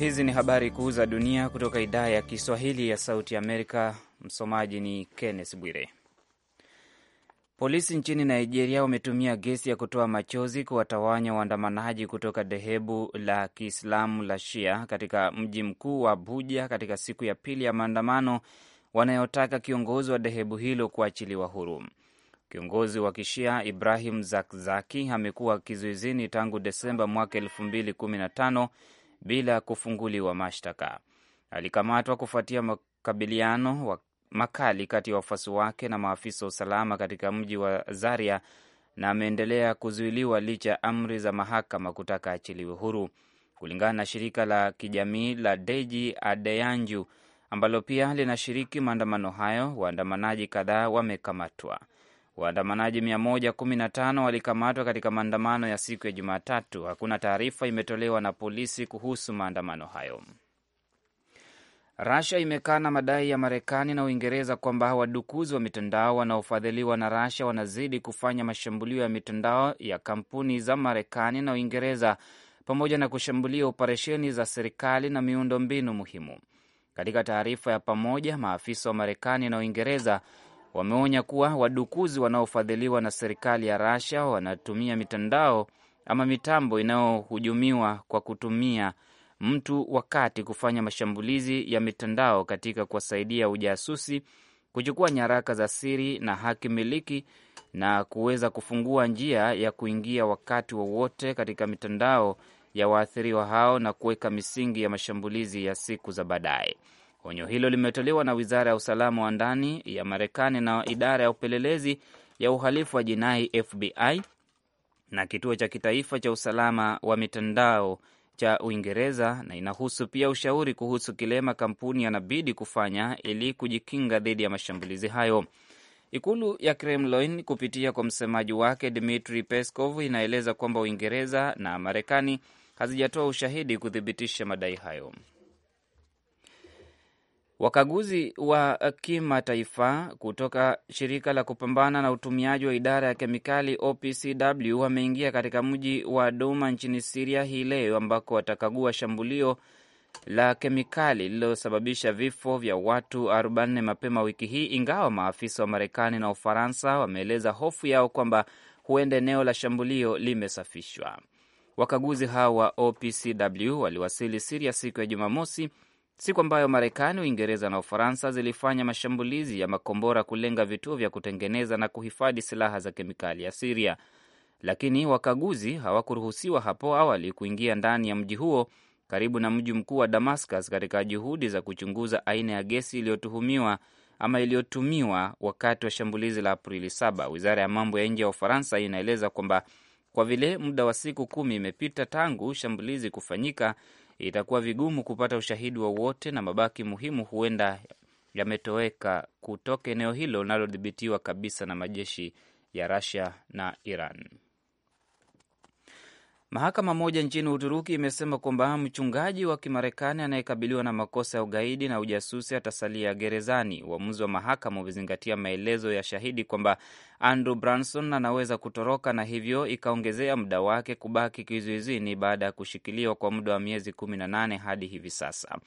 Hizi ni habari kuu za dunia kutoka idhaa ya Kiswahili ya Sauti Amerika. Msomaji ni Kenneth Bwire. Polisi nchini Nigeria wametumia gesi ya kutoa machozi kuwatawanya waandamanaji kutoka dhehebu la Kiislamu la Shia katika mji mkuu wa Abuja katika siku ya pili ya maandamano wanayotaka kiongozi wa dhehebu hilo kuachiliwa huru. Kiongozi wa Kishia Ibrahim Zakzaki amekuwa kizuizini tangu Desemba mwaka 2015 bila kufunguliwa mashtaka. Alikamatwa kufuatia makabiliano wa makali kati ya wafuasi wake na maafisa wa usalama katika mji wa Zaria na ameendelea kuzuiliwa licha ya amri za mahakama kutaka achiliwe huru. Kulingana na shirika la kijamii la Deji Adeyanju ambalo pia linashiriki maandamano hayo, waandamanaji kadhaa wamekamatwa. Waandamanaji 115 walikamatwa katika maandamano ya siku ya Jumatatu. Hakuna taarifa imetolewa na polisi kuhusu maandamano hayo. Rasia imekana madai ya Marekani na Uingereza kwamba wadukuzi wa mitandao wanaofadhiliwa na Rasia wanazidi kufanya mashambulio ya mitandao ya kampuni za Marekani na Uingereza pamoja na kushambulia operesheni za serikali na miundo mbinu muhimu. Katika taarifa ya pamoja, maafisa wa Marekani na Uingereza wameonya kuwa wadukuzi wanaofadhiliwa na serikali ya Russia wanatumia mitandao ama mitambo inayohujumiwa kwa kutumia mtu wakati kufanya mashambulizi ya mitandao katika kuwasaidia ujasusi, kuchukua nyaraka za siri na haki miliki na kuweza kufungua njia ya kuingia wakati wowote wa katika mitandao ya waathiriwa hao na kuweka misingi ya mashambulizi ya siku za baadaye. Onyo hilo limetolewa na wizara ya usalama wa ndani ya Marekani na idara ya upelelezi ya uhalifu wa jinai FBI na kituo cha kitaifa cha usalama wa mitandao cha Uingereza, na inahusu pia ushauri kuhusu kile makampuni yanabidi kufanya ili kujikinga dhidi ya mashambulizi hayo. Ikulu ya Kremlin kupitia kwa msemaji wake Dmitri Peskov inaeleza kwamba Uingereza na Marekani hazijatoa ushahidi kuthibitisha madai hayo. Wakaguzi wa kimataifa kutoka shirika la kupambana na utumiaji wa idara ya kemikali OPCW wameingia katika mji wa Duma nchini Siria hii leo ambako watakagua shambulio la kemikali lililosababisha vifo vya watu 40 mapema wiki hii, ingawa maafisa wa Marekani na Ufaransa wameeleza hofu yao kwamba huenda eneo la shambulio limesafishwa. Wakaguzi hao wa OPCW waliwasili Siria siku ya Jumamosi siku ambayo Marekani, Uingereza na Ufaransa zilifanya mashambulizi ya makombora kulenga vituo vya kutengeneza na kuhifadhi silaha za kemikali ya Siria, lakini wakaguzi hawakuruhusiwa hapo awali kuingia ndani ya mji huo karibu na mji mkuu wa Damascus katika juhudi za kuchunguza aina ya gesi iliyotuhumiwa ama iliyotumiwa wakati wa shambulizi la Aprili 7. Wizara ya mambo ya nje ya Ufaransa inaeleza kwamba kwa vile muda wa siku kumi imepita tangu shambulizi kufanyika itakuwa vigumu kupata ushahidi wowote na mabaki muhimu huenda yametoweka kutoka eneo hilo linalodhibitiwa kabisa na majeshi ya Russia na Iran. Mahakama moja nchini Uturuki imesema kwamba mchungaji wa Kimarekani anayekabiliwa na makosa ya ugaidi na ujasusi atasalia gerezani. Uamuzi wa mahakama umezingatia maelezo ya shahidi kwamba Andrew Branson anaweza kutoroka na hivyo ikaongezea muda wake kubaki kizuizini baada ya kushikiliwa kwa muda wa miezi 18 hadi hivi sasa.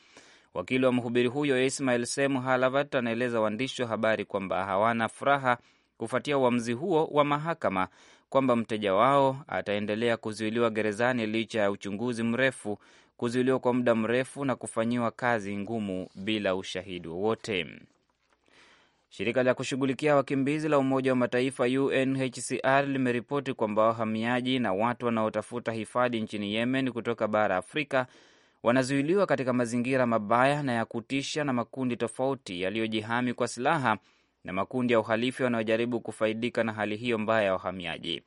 Wakili wa mhubiri huyo Ismail Semu Halavat anaeleza waandishi wa habari kwamba hawana furaha kufuatia uamuzi huo wa mahakama kwamba mteja wao ataendelea kuzuiliwa gerezani licha ya uchunguzi mrefu, kuzuiliwa kwa muda mrefu na kufanyiwa kazi ngumu bila ushahidi wowote. Shirika la kushughulikia wakimbizi la Umoja wa Mataifa UNHCR limeripoti kwamba wahamiaji na watu wanaotafuta hifadhi nchini Yemen kutoka bara Afrika wanazuiliwa katika mazingira mabaya na ya kutisha na makundi tofauti yaliyojihami kwa silaha na makundi ya uhalifu yanayojaribu kufaidika na hali hiyo mbaya ya wahamiaji.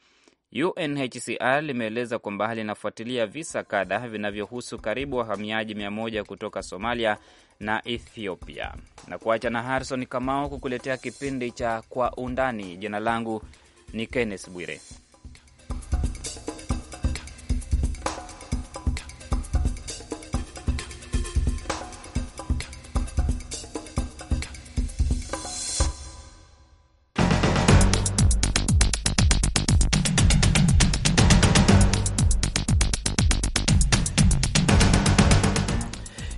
UNHCR limeeleza kwamba linafuatilia visa kadha vinavyohusu karibu wahamiaji 1 kutoka Somalia na Ethiopia. Na kuacha na Harrison Kamau kukuletea kipindi cha Kwa Undani. Jina langu ni Kenneth Bwire.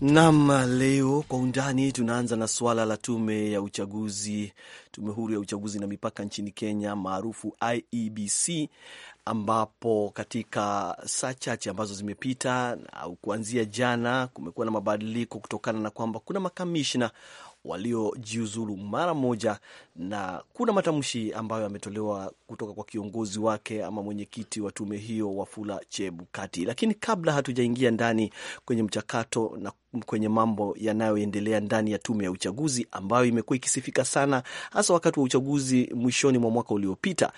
Nam, leo kwa undani tunaanza na suala la tume ya uchaguzi, tume huru ya uchaguzi na mipaka nchini Kenya maarufu IEBC, ambapo katika saa chache ambazo zimepita au kuanzia jana kumekuwa na mabadiliko kutokana na kwamba kuna makamishna waliojiuzulu mara moja, na kuna matamshi ambayo yametolewa kutoka kwa kiongozi wake ama mwenyekiti wa tume hiyo Wafula Chebukati. Lakini kabla hatujaingia ndani kwenye mchakato na kwenye mambo yanayoendelea ndani ya tume ya uchaguzi ambayo imekuwa ikisifika sana hasa wakati wa uchaguzi mwishoni mwa mwaka uliopita,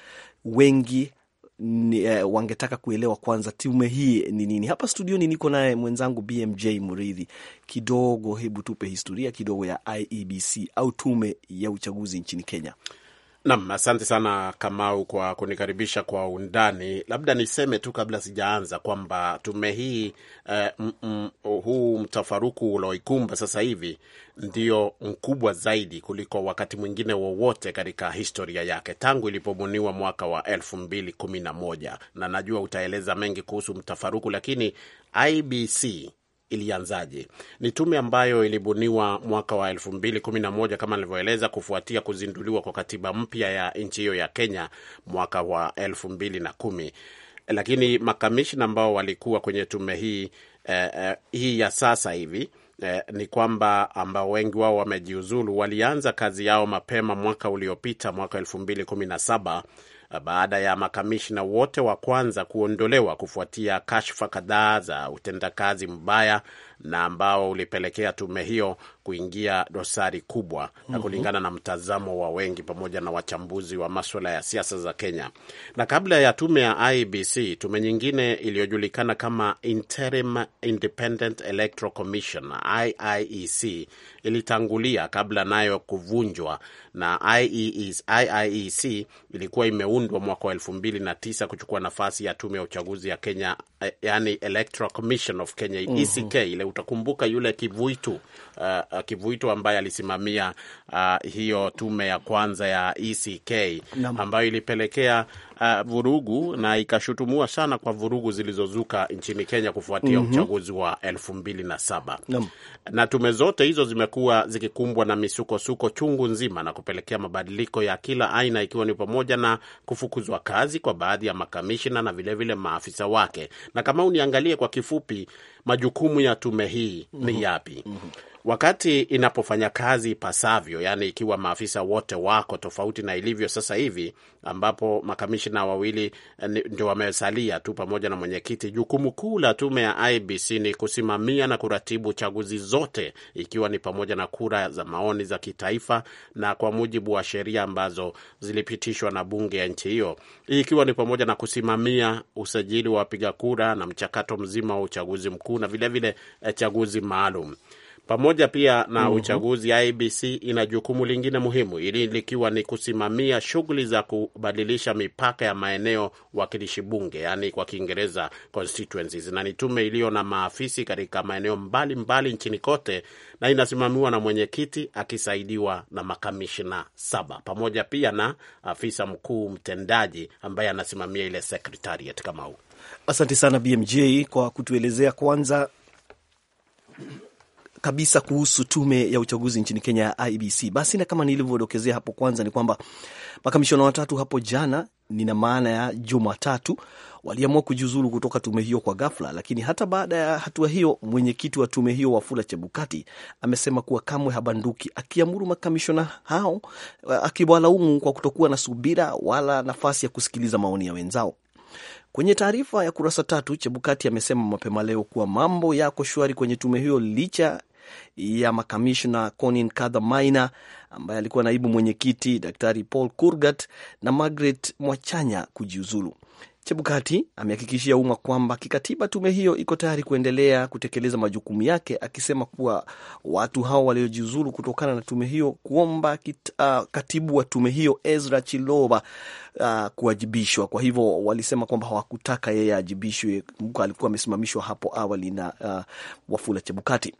wengi ni, eh, wangetaka kuelewa kwanza tume hii ni nini. Hapa studioni niko naye mwenzangu BMJ Muridhi. Kidogo, hebu tupe historia kidogo ya IEBC au tume ya uchaguzi nchini Kenya. Nam, asante sana Kamau kwa kunikaribisha kwa undani. Labda niseme tu kabla sijaanza kwamba tume hii eh, huu mtafaruku ulioikumba sasa hivi ndio mkubwa zaidi kuliko wakati mwingine wowote katika historia yake tangu ilipobuniwa mwaka wa elfu mbili kumi na moja na najua utaeleza mengi kuhusu mtafaruku, lakini IBC ilianzaje? Ni tume ambayo ilibuniwa mwaka wa elfu mbili kumi na moja kama nilivyoeleza, kufuatia kuzinduliwa kwa katiba mpya ya nchi hiyo ya Kenya mwaka wa elfu mbili na kumi lakini makamishna ambao walikuwa kwenye tume hii eh, eh, hii ya sasa hivi Eh, ni kwamba ambao wengi wao wamejiuzulu walianza kazi yao mapema mwaka uliopita mwaka elfu mbili kumi na saba baada ya makamishna wote wa kwanza kuondolewa kufuatia kashfa kadhaa za utendakazi mbaya na ambao ulipelekea tume hiyo kuingia dosari kubwa, na mhm. kulingana na mtazamo wa wengi pamoja na wachambuzi wa maswala ya siasa za Kenya. Na kabla ya tume ya IBC, tume nyingine iliyojulikana kama Interim Independent Electoral Commission IIEC ilitangulia kabla nayo kuvunjwa, na IIEC e e ilikuwa imeundwa mwaka wa elfu mbili na tisa kuchukua nafasi ya tume ya uchaguzi ya Kenya, eh, yani Electoral Commission of Kenya, ECK mhm. ile utakumbuka yule Kivuitu Uh, uh, Kivuito ambaye alisimamia uh, hiyo tume ya kwanza ya ECK ambayo ilipelekea Uh, vurugu na ikashutumiwa sana kwa vurugu zilizozuka nchini Kenya kufuatia mm -hmm. uchaguzi wa elfu mbili na saba na tume zote hizo zimekuwa zikikumbwa na misukosuko chungu nzima na kupelekea mabadiliko ya kila aina ikiwa ni pamoja na kufukuzwa kazi kwa baadhi ya makamishina na vilevile vile maafisa wake. Na kama uniangalie kwa kifupi, majukumu ya tume hii mm -hmm. ni mhm. yapi? mm -hmm wakati inapofanya kazi ipasavyo, yani ikiwa maafisa wote wako tofauti na ilivyo sasa hivi ambapo makamishina wawili eh, ndio wamesalia tu pamoja na mwenyekiti. Jukumu kuu la tume ya IBC ni kusimamia na kuratibu chaguzi zote, ikiwa ni pamoja na kura za maoni za kitaifa, na kwa mujibu wa sheria ambazo zilipitishwa na bunge ya nchi hiyo, ikiwa ni pamoja na kusimamia usajili wa wapiga kura na mchakato mzima wa uchaguzi mkuu na vilevile vile eh, chaguzi maalum. Pamoja pia na mm -hmm. uchaguzi, IBC ina jukumu lingine muhimu, ili likiwa ni kusimamia shughuli za kubadilisha mipaka ya maeneo wakilishi bunge, yaani kwa Kiingereza constituencies, na ni tume iliyo na maafisi katika maeneo mbalimbali mbali nchini kote, na inasimamiwa na mwenyekiti akisaidiwa na makamishina saba, pamoja pia na afisa mkuu mtendaji ambaye anasimamia ile secretariat kama huu. Asante sana BMJ kwa kutuelezea kwanza kabisa kuhusu tume ya uchaguzi nchini Kenya ya IBC. Basi na kama nilivyodokezea hapo kwanza, ni kwamba makamishona watatu hapo jana, nina maana ya Jumatatu, waliamua kujiuzulu kutoka tume hiyo kwa ghafla, lakini hata baada ya hatua hiyo, mwenyekiti wa tume hiyo Wafula Chebukati amesema kuwa kamwe habanduki, akiamuru makamishona hao, akiwalaumu kwa kutokuwa na subira wala nafasi ya kusikiliza maoni ya wenzao. Kwenye taarifa ya kurasa tatu, Chebukati amesema mapema leo kuwa mambo yako shwari kwenye tume hiyo licha ya makamishna Conin Kadha Maina ambaye alikuwa naibu mwenyekiti Daktari Paul Kurgat na Margaret Mwachanya kujiuzulu. Chebukati amehakikishia umma kwamba kikatiba tume hiyo iko tayari kuendelea kutekeleza majukumu yake, akisema kuwa watu hao waliojiuzulu kutokana na tume hiyo kuomba kit, uh, katibu wa tume hiyo Ezra Chiloba uh, kuwajibishwa. Kwa hivyo walisema kwamba hawakutaka yeye ajibishwe, alikuwa amesimamishwa hapo awali na uh, Wafula Chebukati.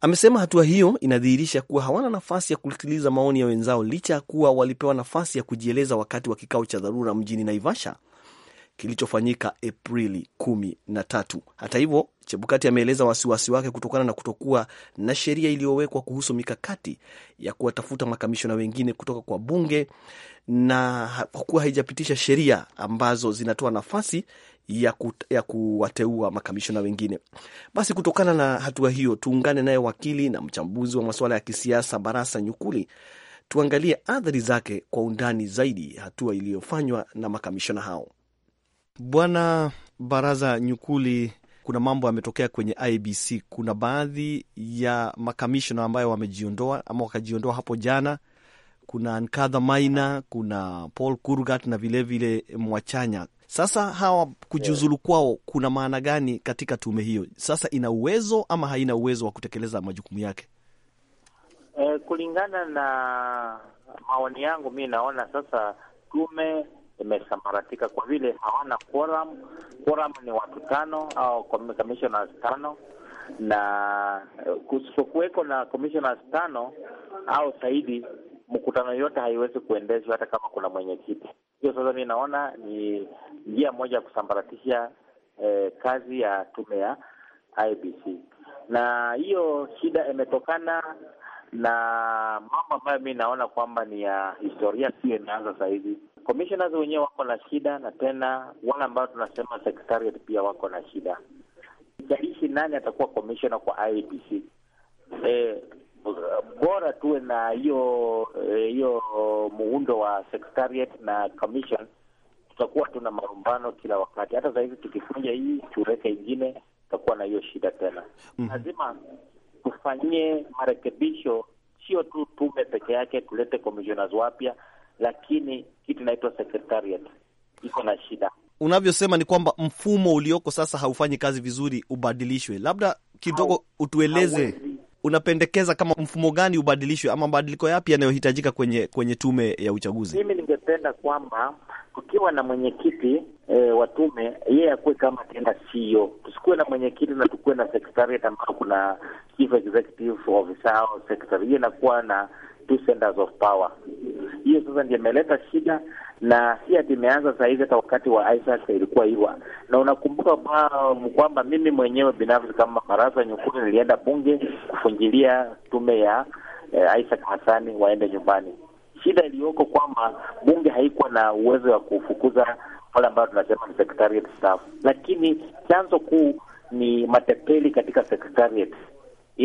Amesema hatua hiyo inadhihirisha kuwa hawana nafasi ya kusikiliza maoni ya wenzao licha ya kuwa walipewa nafasi ya kujieleza wakati wa kikao cha dharura mjini Naivasha kilichofanyika Aprili kumi na tatu. Hata hivyo, Chebukati ameeleza wasiwasi wake kutokana na kutokuwa na sheria iliyowekwa kuhusu mikakati ya kuwatafuta makamishona wengine kutoka kwa bunge na kwa kuwa haijapitisha sheria ambazo zinatoa nafasi ya, ku, ya kuwateua makamishona wengine. Basi kutokana na hatua hiyo, tuungane naye wakili na mchambuzi wa masuala ya kisiasa Barasa Nyukuli, tuangalie athari zake kwa undani zaidi, hatua iliyofanywa na makamishona hao. Bwana Baraza Nyukuli, kuna mambo yametokea kwenye IBC. Kuna baadhi ya makamishona ambayo wamejiondoa ama wakajiondoa hapo jana. Kuna Nkadha Maina, kuna Paul Kurgat na vilevile Mwachanya. Sasa hawa kujiuzulu kwao kuna maana gani katika tume hiyo? Sasa ina uwezo ama haina uwezo wa kutekeleza majukumu yake? E, kulingana na maoni yangu mi naona sasa tume imesambaratika kwa vile hawana quorum. Quorum ni watu tano au commissioners tano, na kusipokuweko na commissioners tano au zaidi, mkutano yote haiwezi kuendeshwa hata kama kuna mwenyekiti. Hiyo sasa mi naona ni njia moja ya kusambaratisha eh, kazi ya tume ya IBC, na hiyo shida imetokana na mambo ambayo mi naona kwamba ni ya historia, sio imeanza sahizi. Commissioners wenyewe wako na shida, na tena wale ambao tunasema secretariat pia wako na shida. Jaishi nani atakuwa commissioner kwa IBC? E, eh, bora tuwe na hiyo eh, hiyo muundo wa secretariat na commission, tutakuwa tuna marumbano kila wakati. Hata saa hizi tukifunja hii tuweke ingine, tutakuwa na hiyo shida tena. Mhm. Lazima mm -hmm. tufanyie marekebisho, sio tu tume peke yake, tulete commissioners wapya, lakini kitu inaitwa secretariat iko na shida. Unavyosema ni kwamba mfumo ulioko sasa haufanyi kazi vizuri, ubadilishwe. Labda kidogo utueleze Awezi unapendekeza kama mfumo gani ubadilishwe ama mabadiliko yapi yanayohitajika kwenye kwenye tume ya uchaguzi? Mimi ningependa kwamba kukiwa na mwenyekiti e, wa tume, yeye akuwe kama tena CEO. Tusikuwe na mwenyekiti na tukuwe na secretariat ambayo kuna chief executive officer au secretary. Hiyo inakuwa na two centers of power. Hiyo sasa ndio imeleta shida, na si ati imeanza saa hizi, hata wakati wa Isaac ilikuwa hiwa. Na unakumbuka kwamba mimi mwenyewe binafsi kama Marasa Nyukuru nilienda bunge kuingilia tume ya eh, Isaac Hasani waende nyumbani. Shida iliyoko kwamba bunge haikuwa na uwezo wa kufukuza wale ambao tunasema ni secretariat staff, lakini chanzo kuu ni matepeli katika secretariat.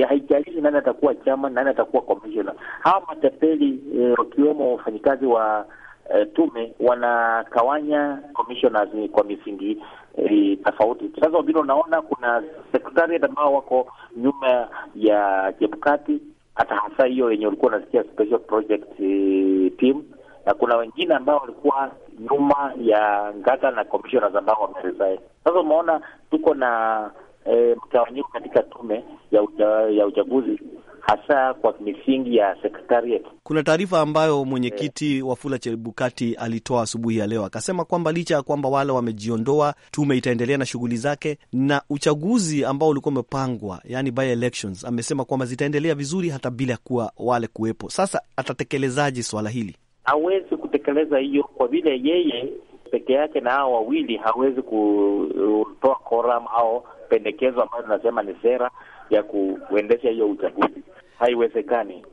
Haijalishi nani atakuwa chama, nani atakuwa commissioner, hawa matepeli eh, wakiwemo eh, wafanyikazi wa eh, tume wanakawanya commissioners kwa misingi eh, tofauti. Sasa vile unaona kuna secretariat ambao wako nyuma ya Chebukati, hata hasa hiyo yenye ulikuwa unasikia special project eh, team, na kuna wengine ambao walikuwa nyuma ya Ngata na commissioners ambao wameresign. Sasa umeona tuko na eh, mtawanyiko katika tume ya, uja, ya uchaguzi hasa kwa misingi ya sekretariat. Kuna taarifa ambayo eh. mwenyekiti yeah, Wafula Chebukati alitoa asubuhi ya leo akasema kwamba licha ya kwamba wale wamejiondoa, tume itaendelea na shughuli zake, na uchaguzi ambao ulikuwa umepangwa, yani by elections, amesema kwamba zitaendelea vizuri hata bila kuwa wale kuwepo. Sasa atatekelezaje swala hili? Hawezi kutekeleza hiyo kwa vile yeye peke yake na hao wawili hawezi kutoa koram au pendekezo ambayo tunasema ni sera ya kuendesha hiyo uchaguzi. Haiwezekani.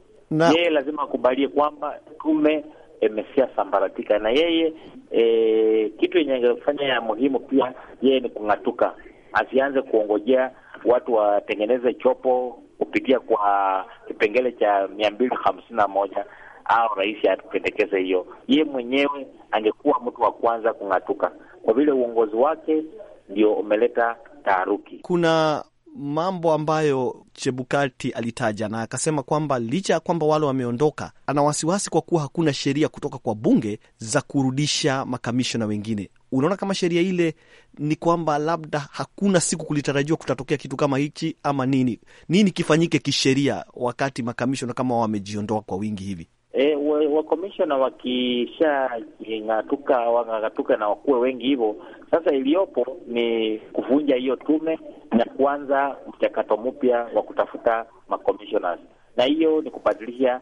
Yeye lazima akubalie kwamba tume imesia sambaratika, na yeye e, kitu yenye angefanya ya muhimu pia yeye ni kung'atuka, asianze kuongojea watu watengeneze chopo kupitia kwa kipengele cha mia mbili hamsini na moja au rais atupendekeze hiyo. Yeye mwenyewe angekuwa mtu wa kwanza kung'atuka, kwa vile uongozi wake ndio umeleta taharuki. Kuna mambo ambayo Chebukati alitaja na akasema kwamba licha ya kwamba wale wameondoka, ana wasiwasi kwa kuwa hakuna sheria kutoka kwa bunge za kurudisha makamishona wengine. Unaona, kama sheria ile ni kwamba labda hakuna siku kulitarajiwa kutatokea kitu kama hichi ama nini nini kifanyike kisheria, wakati makamishona kama wamejiondoa kwa wingi hivi? E, eh, wakomishona wa wakishang'atuka wang'atuka na wakuwe wengi hivyo. Sasa iliyopo ni kuvunja hiyo tume na kuanza mchakato mpya wa kutafuta makomishona, na hiyo ni kubadilisha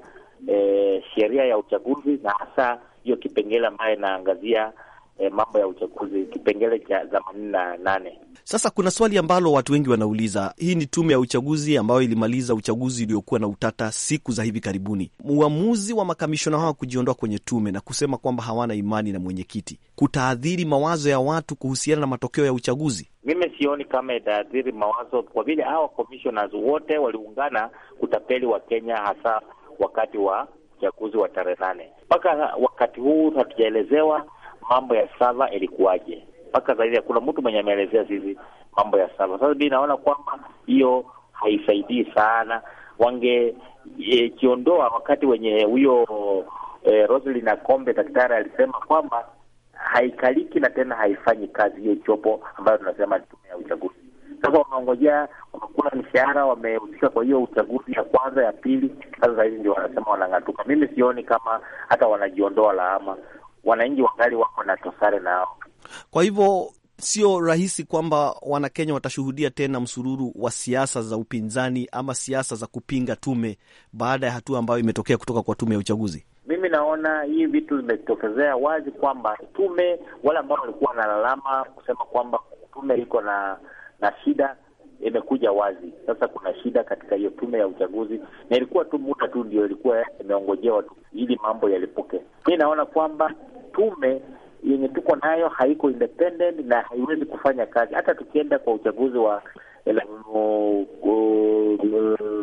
e, sheria ya uchaguzi na hasa hiyo kipengele ambayo inaangazia eh, mambo ya uchaguzi kipengele cha themanini na nane. Sasa kuna swali ambalo watu wengi wanauliza, hii ni tume ya uchaguzi ambayo ilimaliza uchaguzi uliokuwa na utata siku za hivi karibuni. Uamuzi wa makamishona hao kujiondoa kwenye tume na kusema kwamba hawana imani na mwenyekiti kutaathiri mawazo ya watu kuhusiana na matokeo ya uchaguzi? Mimi sioni kama itaathiri mawazo, kwa vile hawa commissioners wote waliungana kutapeli wa Kenya, hasa wakati wa uchaguzi wa tarehe nane. Mpaka wakati huu hatujaelezewa mambo ya sala ilikuwaje, mpaka zaidi hakuna mtu mwenye ameelezea zizi mambo ya sala. Sasa mimi naona kwamba hiyo haisaidii sana, wangekiondoa e, wakati wenye huyo e, Roselina Kombe daktari alisema kwamba haikaliki na tena haifanyi kazi hiyo chopo ambayo tunasema ni tume ya uchaguzi. Sasa wanaongojea wamekula mishahara, wamehusika kwa hiyo uchaguzi ya kwanza ya pili, sasa hivi ndio wanasema wanang'atuka. Mimi sioni kama hata wanajiondoa lawama, wananchi wangali wako na tosare nao. Kwa hivyo sio rahisi kwamba Wanakenya watashuhudia tena msururu wa siasa za upinzani ama siasa za kupinga tume baada ya hatua ambayo imetokea kutoka kwa tume ya uchaguzi. Mimi naona hii vitu vimetokezea wazi kwamba tume, wale ambao walikuwa wanalalama kusema kwamba tume iko na na shida imekuja wazi sasa. Kuna shida katika hiyo tume ya uchaguzi, na ilikuwa tu muda tu ndio ilikuwa imeongojewa tu ili mambo yalipuke. Mi naona kwamba tume yenye tuko nayo haiko independent na haiwezi kufanya kazi. Hata tukienda kwa uchaguzi wa elfu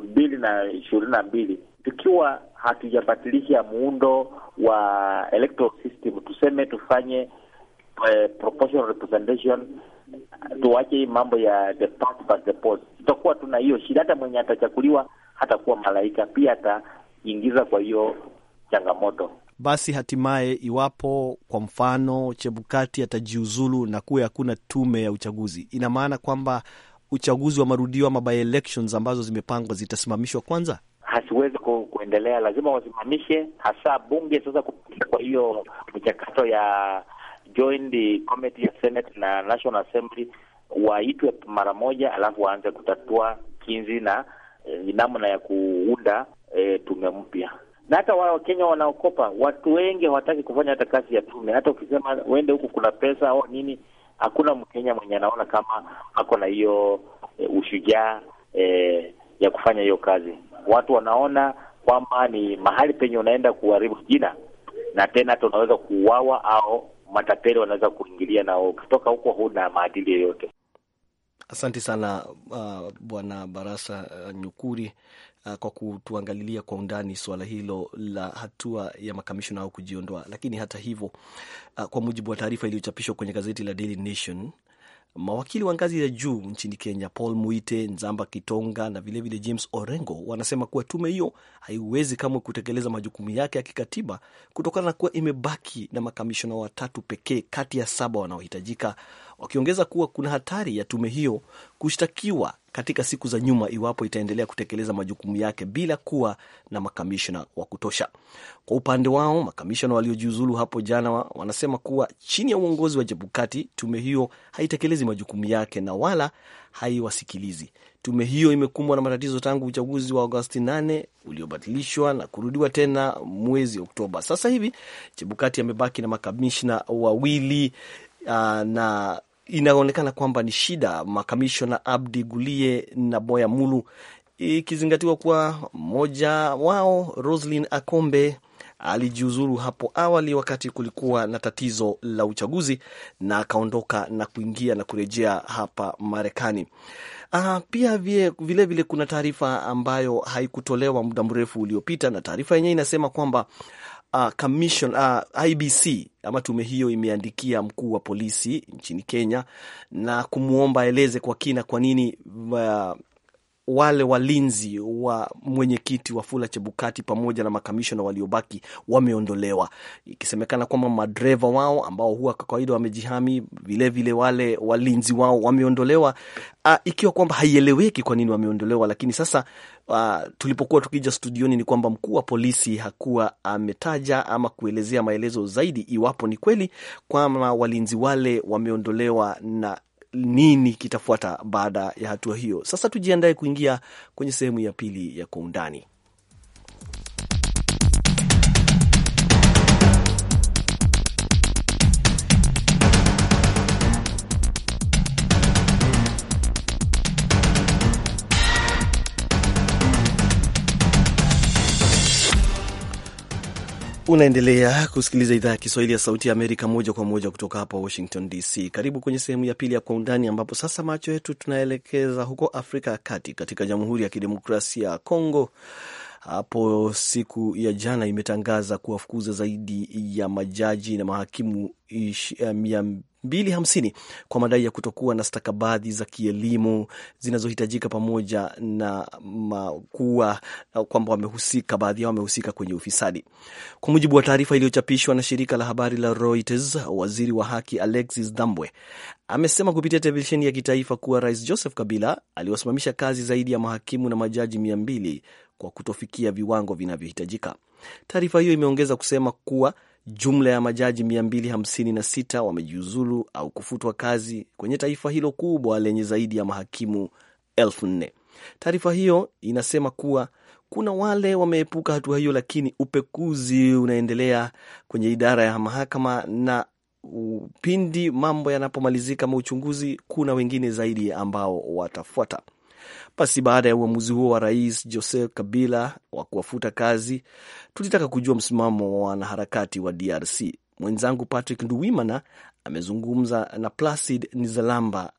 mbili na ishirini na mbili tukiwa hatujabatilisha muundo wa electoral system, tuseme tufanye uh, proportional representation, tuache hii mambo ya the part but the post, tutakuwa tuna hiyo shida. Hata mwenye atachaguliwa hatakuwa malaika, pia ataingiza kwa hiyo changamoto basi hatimaye, iwapo kwa mfano Chebukati atajiuzulu na kuwe hakuna tume ya uchaguzi, ina maana kwamba uchaguzi wa marudio ama by elections ambazo zimepangwa zitasimamishwa kwanza hasiwezi ku, kuendelea, lazima wasimamishe hasa bunge sasa kupitia kwa hiyo michakato ya joint committee Senate na National Assembly, waitwe mara moja, alafu waanze kutatua kinzi na eh, namna ya kuunda e, tume mpya na hata wao Wakenya wanaokopa, watu wengi hawataki kufanya hata kazi ya tume. Hata ukisema uende huku kuna pesa au nini, hakuna Mkenya mwenye anaona kama ako na hiyo e, ushujaa e, ya kufanya hiyo kazi. Watu wanaona kwamba ni mahali penye unaenda kuharibu jina, na tena hata unaweza kuuawa au matapeli wanaweza kuingilia, na ukitoka huko huna maadili yoyote. Asante sana uh, Bwana Barasa uh, Nyukuri Uh, kwa kutuangalilia kwa undani suala hilo la hatua ya makamishona au kujiondoa. Lakini hata hivyo, uh, kwa mujibu wa taarifa iliyochapishwa kwenye gazeti la Daily Nation, mawakili wa ngazi ya juu nchini Kenya, Paul Muite, Nzamba Kitonga na vilevile vile James Orengo, wanasema kuwa tume hiyo haiwezi kamwe kutekeleza majukumu yake ya kikatiba kutokana na kuwa imebaki na makamishona watatu pekee kati ya saba wanaohitajika wakiongeza kuwa kuna hatari ya tume hiyo kushtakiwa katika siku za nyuma iwapo itaendelea kutekeleza majukumu yake bila kuwa na makamishna wa kutosha. Kwa upande wao, makamishna waliojiuzulu hapo jana wanasema kuwa chini ya uongozi wa Jebukati, tume hiyo haitekelezi majukumu yake na wala haiwasikilizi. Tume hiyo imekumbwa na matatizo tangu uchaguzi wa Agosti 8 uliobatilishwa na kurudiwa tena mwezi Oktoba. Sasa hivi Chebukati amebaki na makamishna wawili uh, na inaonekana kwamba ni shida. Makamishona Abdi Gulie na Boya Mulu, ikizingatiwa kuwa mmoja wao Roslin Akombe alijiuzuru hapo awali wakati kulikuwa na tatizo la uchaguzi na akaondoka na kuingia na kurejea hapa Marekani. Uh, pia vilevile vile kuna taarifa ambayo haikutolewa muda mrefu uliopita, na taarifa yenyewe inasema kwamba uh, commission, uh, IBC ama tume hiyo imeandikia mkuu wa polisi nchini Kenya na kumwomba aeleze kwa kina kwa nini uh, wale walinzi wa mwenyekiti wa fula Chebukati pamoja na makamishona waliobaki wameondolewa, ikisemekana kwamba madereva wao ambao huwa kwa kawaida wamejihami, vilevile wale walinzi wao wameondolewa, uh, ikiwa kwamba haieleweki kwa nini wameondolewa. Lakini sasa uh, tulipokuwa tukija studioni ni kwamba mkuu wa polisi hakuwa ametaja ama kuelezea maelezo zaidi iwapo ni kweli kwamba walinzi wale wameondolewa na nini kitafuata baada ya hatua hiyo. Sasa tujiandae kuingia kwenye sehemu ya pili ya Kwa Undani. Unaendelea kusikiliza idhaa ya Kiswahili ya Sauti ya Amerika moja kwa moja kutoka hapa Washington DC. Karibu kwenye sehemu ya pili ya Kwa Undani, ambapo sasa macho yetu tunaelekeza huko Afrika ya Kati, katika Jamhuri ya Kidemokrasia ya Kongo. Hapo siku ya jana imetangaza kuwafukuza zaidi ya majaji na mahakimu um, 250 kwa madai ya kutokuwa na stakabadhi za kielimu zinazohitajika pamoja na kuwa kwamba wamehusika, baadhi yao wamehusika kwenye ufisadi. Kwa mujibu wa taarifa iliyochapishwa na shirika la habari la Reuters, waziri wa haki Alexis dambwe amesema kupitia televisheni ya kitaifa kuwa Rais Joseph Kabila aliwasimamisha kazi zaidi ya mahakimu na majaji 200 kwa kutofikia viwango vinavyohitajika. Taarifa hiyo imeongeza kusema kuwa Jumla ya majaji 256 wamejiuzulu au kufutwa kazi kwenye taifa hilo kubwa lenye zaidi ya mahakimu elfu nne. Taarifa hiyo inasema kuwa kuna wale wameepuka hatua hiyo, lakini upekuzi unaendelea kwenye idara ya mahakama na pindi mambo yanapomalizika mauchunguzi, kuna wengine zaidi ambao watafuata. Basi baada ya uamuzi huo wa Rais Joseph Kabila wa kuwafuta kazi, tulitaka kujua msimamo wa wanaharakati wa DRC. Mwenzangu Patrick Nduwimana amezungumza na Placid Nizalamba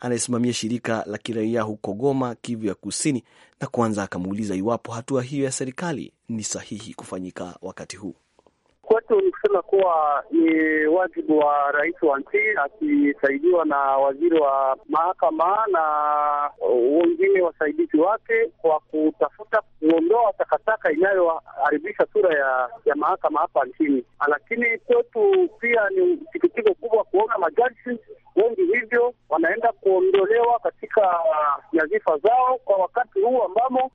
anayesimamia shirika la kiraia huko Goma, Kivu ya Kusini, na kwanza akamuuliza iwapo hatua hiyo ya serikali ni sahihi kufanyika wakati huu. Kwetu anasema kuwa ni wajibu wa rais wa nchi akisaidiwa na waziri wa mahakama na wengine wasaidizi wake kwa kutafuta kuondoa takataka inayoharibisha sura ya, ya mahakama hapa nchini. Lakini kwetu pia ni sikitiko kubwa kuona majaji wengi hivyo wanaenda kuondolewa katika nyadhifa zao kwa wakati huu ambamo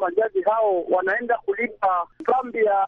majaji hao wanaenda kulipa dhambi ya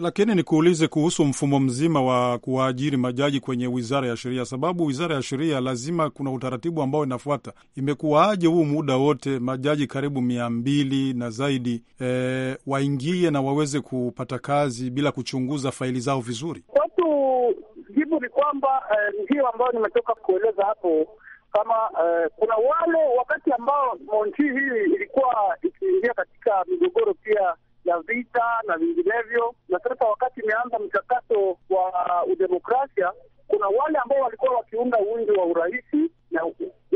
lakini nikuulize kuhusu mfumo mzima wa kuwaajiri majaji kwenye wizara ya sheria, sababu wizara ya sheria lazima kuna utaratibu ambao inafuata. Imekuwaaje huu muda wote majaji karibu mia mbili na zaidi e, waingie na waweze kupata kazi bila kuchunguza faili zao vizuri? Watu jibu ni kwamba e, hiyo eh, ambayo nimetoka kueleza hapo kama eh, kuna wale wakati ambao nchi hii ilikuwa ikiingia katika migogoro pia ya vita na vinginevyo. Na sasa wakati imeanza mchakato wa udemokrasia, kuna wale ambao walikuwa wakiunda wingi wa urahisi na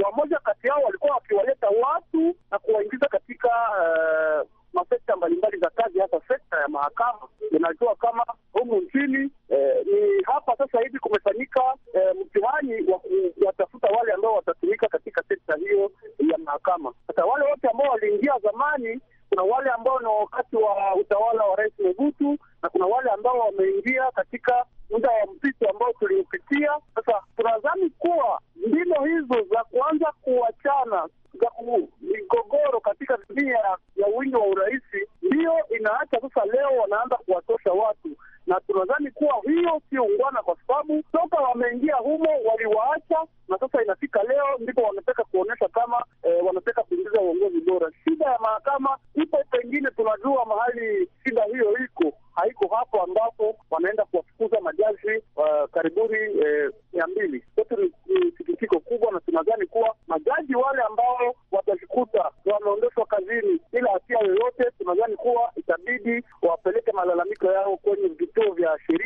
wamoja kati yao walikuwa wakiwaleta watu na kuwaingiza katika uh, masekta mbalimbali za kazi, hasa sekta ya mahakama. Unajua kama humu nchini eh, ni hapa sasa hivi kumefanyika eh, mtihani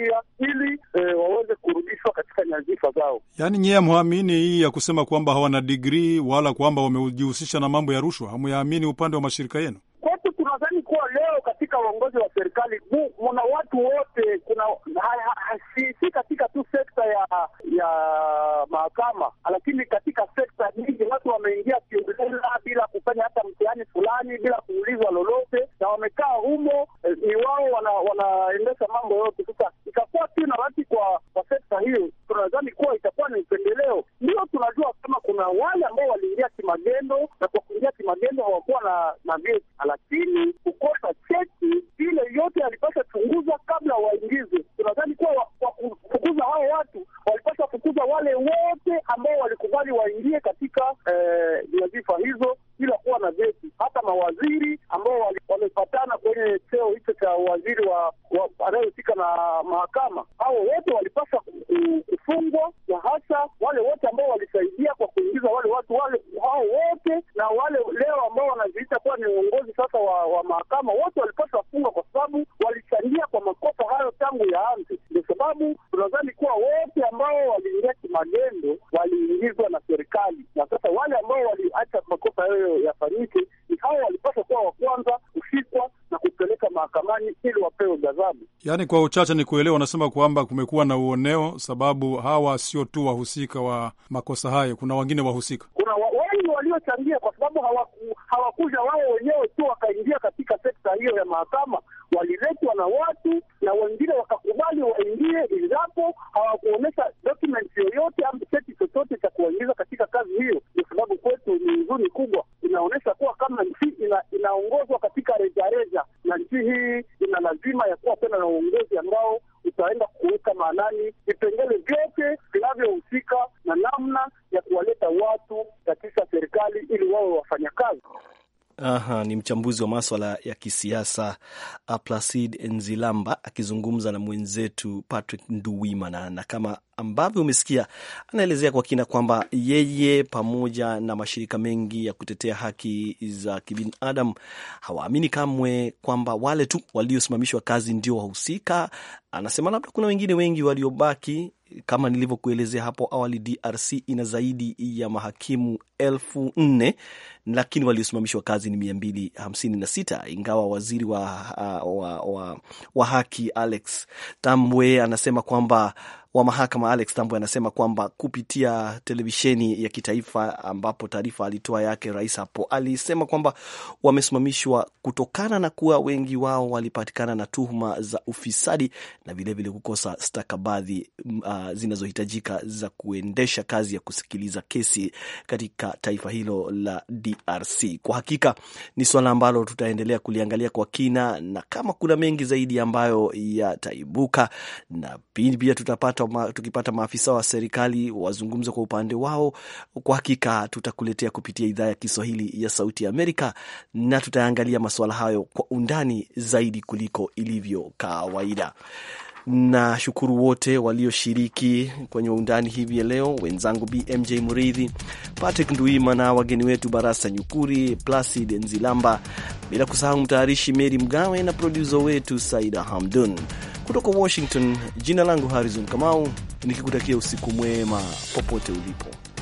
sheria ili e, eh, waweze kurudishwa katika nyadhifa zao. Yaani nyiye hamwamini hii ya kusema kwamba hawana digrii wala kwamba wamejihusisha na mambo ya rushwa, hamuyaamini upande wa mashirika yenu? Kwetu tunadhani kuwa leo katika uongozi wa serikali muna watu wote, kuna si katika tu sekta ya ya mahakama, lakini katika sekta nyingi watu wameingia kiolela bila kufanya hata mtihani fulani, bila kuulizwa lolote, na wamekaa humo, eh, ni wao wanaendesha wana mambo yote. Sasa itakuwa tu narati kwa kwa sekta hiyo, tunadhani kuwa itakuwa ni upendeleo. Ndio tunajua kama kuna wale ambao waliingia kimagendo, na kwa kuingia kimagendo hawakuwa na na vyeti, lakini yote alipaswa chunguza kabla waingize. Tunadhani kuwa kwa kufukuza hao watu walipaswa fukuza wale wote ambao walikubali waingie katika eh, nyadhifa eh, hizo bila kuwa na vyeti, hata mawaziri ambao wamepatana kwenye cheo hicho cha waziri wa, wa anayehusika na mahakama Yaani kwa uchache ni kuelewa, wanasema kwamba kumekuwa na uoneo, sababu hawa sio tu wahusika wa makosa hayo, kuna wengine wahusika, kuna wengi waliochangia, kwa sababu hawaku, hawakuja wao wenyewe tu wakaingia katika sekta hiyo ya mahakama, waliletwa na watu na wengine wakakubali waingie, ijapo hawakuonyesha document yoyote ama cheti chochote cha kuwaingiza katika kazi hiyo, kwa sababu kwetu ni huzuni kubwa, inaonyesha Aha, ni mchambuzi wa maswala ya kisiasa Placid Nzilamba akizungumza na mwenzetu Patrick Nduwimana, na kama ambavyo umesikia, anaelezea kwa kina kwamba yeye pamoja na mashirika mengi ya kutetea haki za kibinadamu hawaamini kamwe kwamba wale tu waliosimamishwa kazi ndio wahusika. Anasema labda kuna wengine wengi waliobaki. Kama nilivyokuelezea hapo awali, DRC ina zaidi ya mahakimu elfu nne lakini waliosimamishwa kazi ni mia mbili hamsini na sita ingawa waziri wa uh, wa, wa, wa haki Alex Tambwe anasema kwamba wa mahakama Alex Tambo anasema kwamba kupitia televisheni ya kitaifa ambapo taarifa alitoa yake rais hapo alisema kwamba wamesimamishwa kutokana na kuwa wengi wao walipatikana na tuhuma za ufisadi na vilevile kukosa stakabadhi uh, zinazohitajika za kuendesha kazi ya kusikiliza kesi katika taifa hilo la DRC. Kwa hakika ni suala ambalo tutaendelea kuliangalia kwa kina na kama kuna mengi zaidi ambayo yataibuka na pia tutapata ma, tukipata maafisa wa serikali wazungumze kwa upande wao, kwa hakika tutakuletea kupitia idhaa ya Kiswahili ya Sauti ya Amerika, na tutaangalia masuala hayo kwa undani zaidi kuliko ilivyo kawaida na shukuru wote walioshiriki kwenye undani hivi leo, wenzangu BMJ Muridhi, Patrick Nduima na wageni wetu Barasa Nyukuri, Placid Nzilamba, bila kusahau mtayarishi Meri Mgawe na produsa wetu Saida Hamdun kutoka Washington. Jina langu Harrison Kamau, nikikutakia usiku mwema popote ulipo.